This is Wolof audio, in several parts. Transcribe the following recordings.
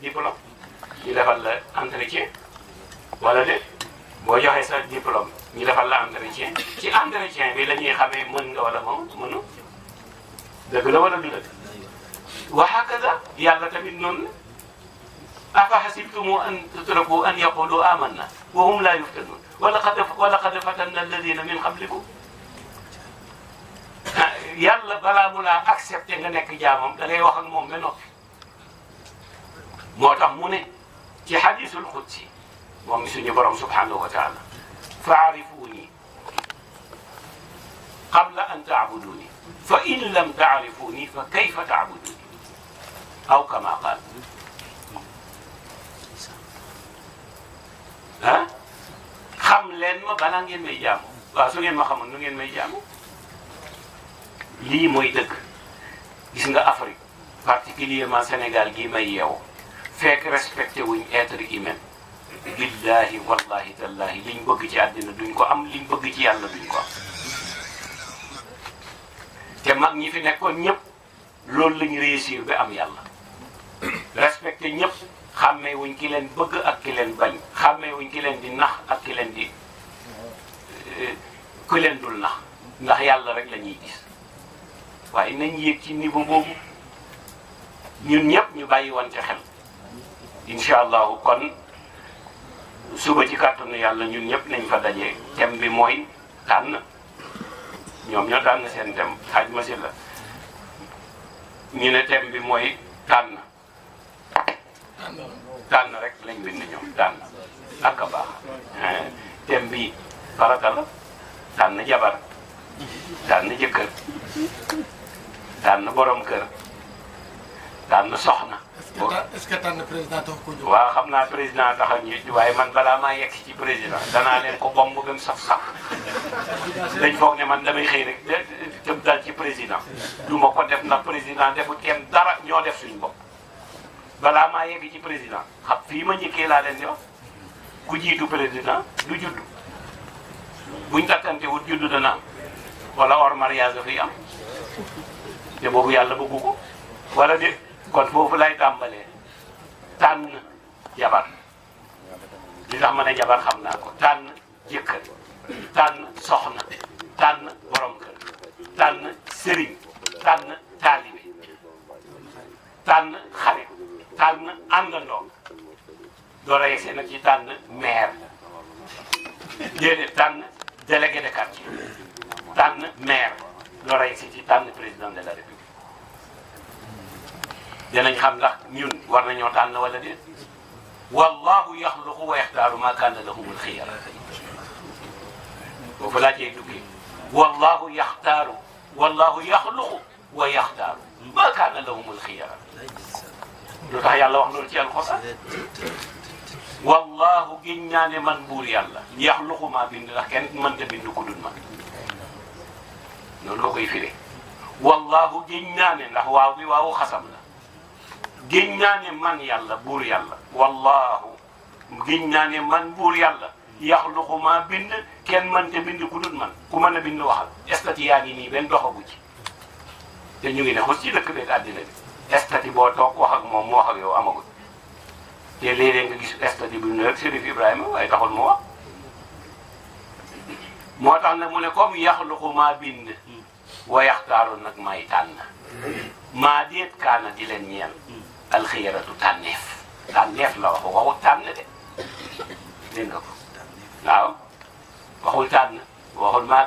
diplôme ñu defal la entretien wala de boo joxee sa diplôme ñu defal la entretien ci entretien bi la ñuy xamee mën nga wala moom mënu dëgg la wala du dëgg waxakaza yàlla tamit noonu la afa xasibtumu an tutraku an yaqulu amanna wa hum laa yuftanun wala xad wala xad fatanna alladina min qablikum ah, yàlla balaa mu laa accepté nga nekk jaamam da ngay wax ak moom ba noppi moo tax mu ne ci hadisul qudsi moom mi suñu borom subhanahu wa taala faarifuuni qabla an taabuduuni fa in lam taarifuuni fa kayfa taabuduuni aw kama qaal ah xam leen ma balaa ngeen may jaamu jaamu lii mooy dëgg gis nga Afrique particulièrement senegal gi may yeewoo fekk respecté wuñ être humain billahi wallahi tallahi liñ bëgg ci àddina duñ ko am liñ bëgg ci yàlla duñ ko am te mag ñi fi nekkoon ñëpp loolu lañ réussir bi am yàlla respecté ñëpp xàmmee wuñ ki leen bëgg ak ki leen bañ xàmmee wuñ ki leen di nax ak ki leen di euh, ku leen dul nax ndax yàlla rek la ñuy gis waaye nañ yéeg ci niveau boobu ñun ñëpp ñu bàyyi woon ci xel incha allahu kon suba ci kàttanu yàlla ñun ñëpp nañ fa daje tem bi mooy tànn ñoom ñoo tànn seen thème xaaj masin la ñu ne tem bi mooy tànn tànn rek lañ bind ñoom tànn ak a baax eh, thème bi farata la tànn jabar tànn jëkkër tànn borom kër tànn soxna est-ce que tànn président tax ko jóg. waaw xam naa président tax ak waaye man balaa maa yegg ci président danaa leen ko bomb gëm saf sax dañ foog ne man damay xëy rek jëm dal ci président du ma ko def ndax président defut kenn dara ñoo def suñu bopp balaa maa yegg ci président xam fii ma njëkkee laa leen di wax ku jiitu président du judd buñ takkante wut judd dana wala or mariage dafay am te boobu yàlla bëggu ko wala déet. kon foofu lay tàmbalee tànn jabar li tax ma jabar xam naa ko tànn jëkkër tànn soxna tànn borom kër tànn sëriñ tànn taalibe tànn xarit tànn àndandoo door a yegg nag ci tànn maire déedéet xam ndax ñun war nañoo tànn wala déet wallahu yaxluqu wa yaxtaaru ma kaana lahumul xiyara boobu laa cay duggee wallahu yaxtaaru wallahu yaxluqu wa yaxtaaru ma kaana lahumul xiyara lu tax yàlla wax loolu ci alxuraan wallahu giñ ñaane man buur yàlla yaxluqu maa bind ndax kenn mënta bind ku dul man noonu la koy firee wallahu giñ ñaane ndax waaw bi waawu xasam la giñ naa ne man yàlla buur yàlla wallahu giñ naa ne man buur yàlla yaxluqu ma kenn mënte bind ku dut man ku mën a bind waxal estati yaa nii benn doxagu ci te ñu ngi ne xus ci dëkk beeg àddina bi estati boo toog wax ak moom mu wax ak yow amagul te léeg-léeg nga gis estati bu ñu rek Chérif Ibrahima waaye taxul mu wax moo tax nag mu ne comme yaxluqu maa bind wa nag may tànn maa déet kaana di leen alxiyaratu tànneef tànneef la wax waxul de dégg ko waaw waxul tànn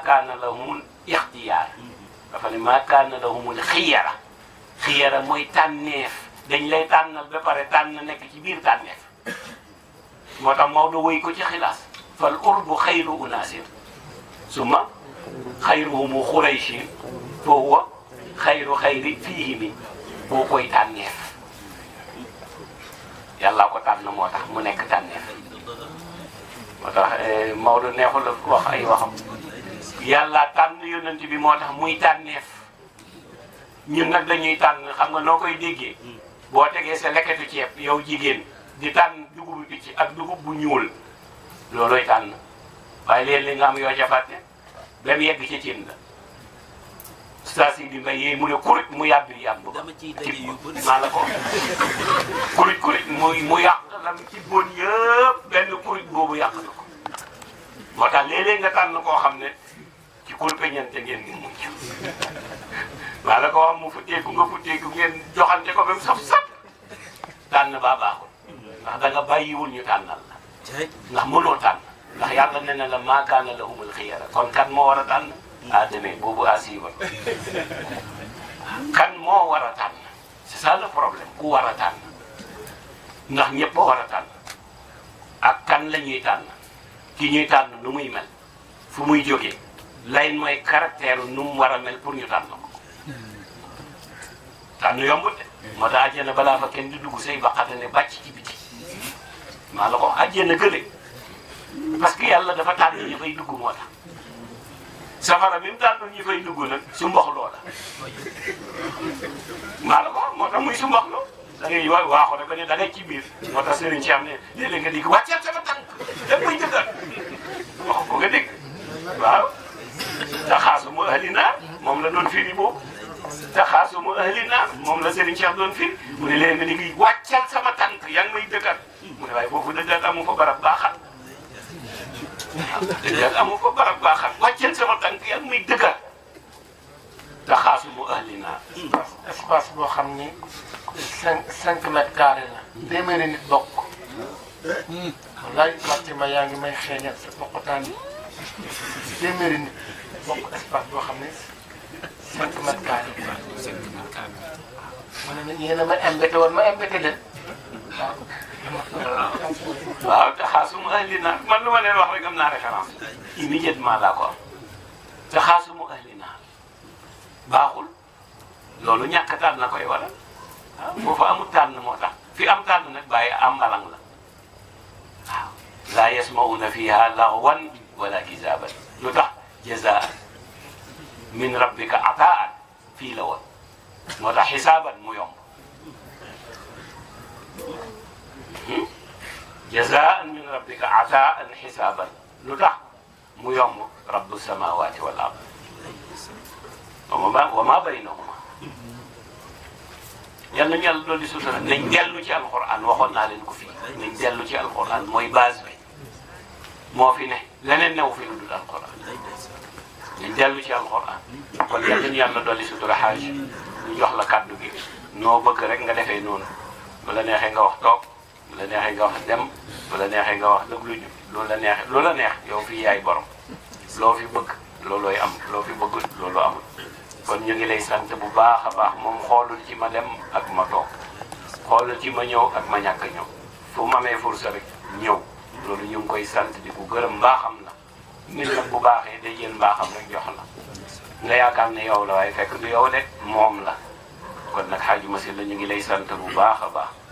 kaana lahumul ixtiyaar dafa ne maa kaana lahumul xiyara xiyara mooy tànneef dañ lay tànna ba pare tànn nekk ci biir tànneef moo tax Maodo wéy ko ci xilaas fal urbu xayru unaasin suma xayruhumu xuraysin fa huwa xayru xayri fiihimi boo koy tànneef yàllaa ko tànn moo tax mu nekk tànneef moo tax eh, Maodo neexul wax ay waxam yàllaa tànn yonent bi moo tax muy tànneef ñun nag lañuy tànn xam nga noo koy déggee boo tegee sa leketu ceeb yow jigéen di tànn dugubu picc ak dugub bu ñuul loolooy tànn waaye léeg-léeg nga am yoo ca fàtte ba yegg ci cin la oustaz yi di may yee mu ne kuréet mu yàgg yàgg ba maa la ko kuréet kuréet muy mu yàq lam ci bon yëpp benn boobu yàq na ko moo tax léeg-léeg nga na koo xam ne ci kurpe ñante ngeen ngi mucc maa la ko wax mu futteeku nga futteeku ngeen joxante ko ba mu saf-saf tànn baa baaxul ndax da nga bàyyiwul ñu tànnal la ndax mënoo tànn ndax yàlla nee na la maa kaana lahumul xiyara kon kan moo war a tànn à demain boobu à suivre kan moo war a tànn c'est ça le problème ku war a tànn ndax ñëpp war a tànn ak kan la ñuy tànn ki ñuy tànn nu muy mel fu muy jógee lay mooy caractère nu mu war a mel pour ñu tànn ko tànn yombut de moo tax àjjana balaa fa kenn di dugg say baqate ne bàcc ci biti maa la ko àjjana gële parce que yàlla dafa tànn ñu fay dugg moo tax safara bi mu tànn ñi fay dugg nag su mbox loola maa la ko moo ta muy su mbox loo da ngay wa waaxu rek ne da ngay ci biir moo tax sëriñ ci am ne léeg-léeg nga dégg wàcceel sama tànk da koy dëggal wax ko nga dégg waaw taxaasu mu ahli naar moom la doon firi boobu taxaasu mu ahli naar moom la sëriñ Cheikh doon firi mu ne léeg nga dégg wàcceel sama tànk yaa ngi may dëggal mu ne waaye boobu amu fa barab baaxal dëggal amu ko barab baaxal wàcceel sama tànk yi ak muy dëggal te bu ahli naa espace boo xam ni cinq cinq mètres carrés la téeméeri nit bokk wallaay Fatima yaa ngi may xeeñal sa bokkutaan yi téeméeri nit bokk espace boo xam ne cinq mètres carrés la ma ne ma embêté woon ma embêté leen waaw ahli naa man lu ma leen wax rek am naa référence immédiatement laa ko am ahli naa baaxul loolu ñàkk tànn na koy waral ah foofu amul tànn moo tax fi am tànn nag bàyyi am alang la waaw laa yasmauna fiha laxwan wala kisaaban lu tax jazaan min rabbika ataan fii la woon moo mu yomb jazaan min rabbika ataan xisaaban lu tax mu yomb rabbu samawaati wal ard wa ma baynahuma yal nañu yàlla doon di sutura nañ dellu ci alquran waxoon naa leen ko fii nañ dellu ci alquran mooy base bi moo fi ne leneen newu fi lu dul alquran nañ dellu di sutura xaaj ñu jox la kàddu gi noo bëgg rek nga defee noonu la neexee nga wax toog bu la neexee nga wax dem bu la neexee nga wax nag lu ñu loolu la neex loolu la neex yow fii yaay borom loo fi bëgg loolooy am loo fi bëggul loolu amul kon ñu ngi lay sant bu baax a baax moom xoolul ci ma dem ak ma toog xoolul ci ma ñëw ak ma ñàkk ñëw fu ma amee fursa rek ñëw loolu ñu ngi koy sant di ko gërëm mbaaxam na nit nag bu baaxee day jël mbaaxam rek jox la nga yaakaar ne yow la waaye fekk du yow de moom la kon nag xaaju ma si la ñu ngi lay sant bu baax a baax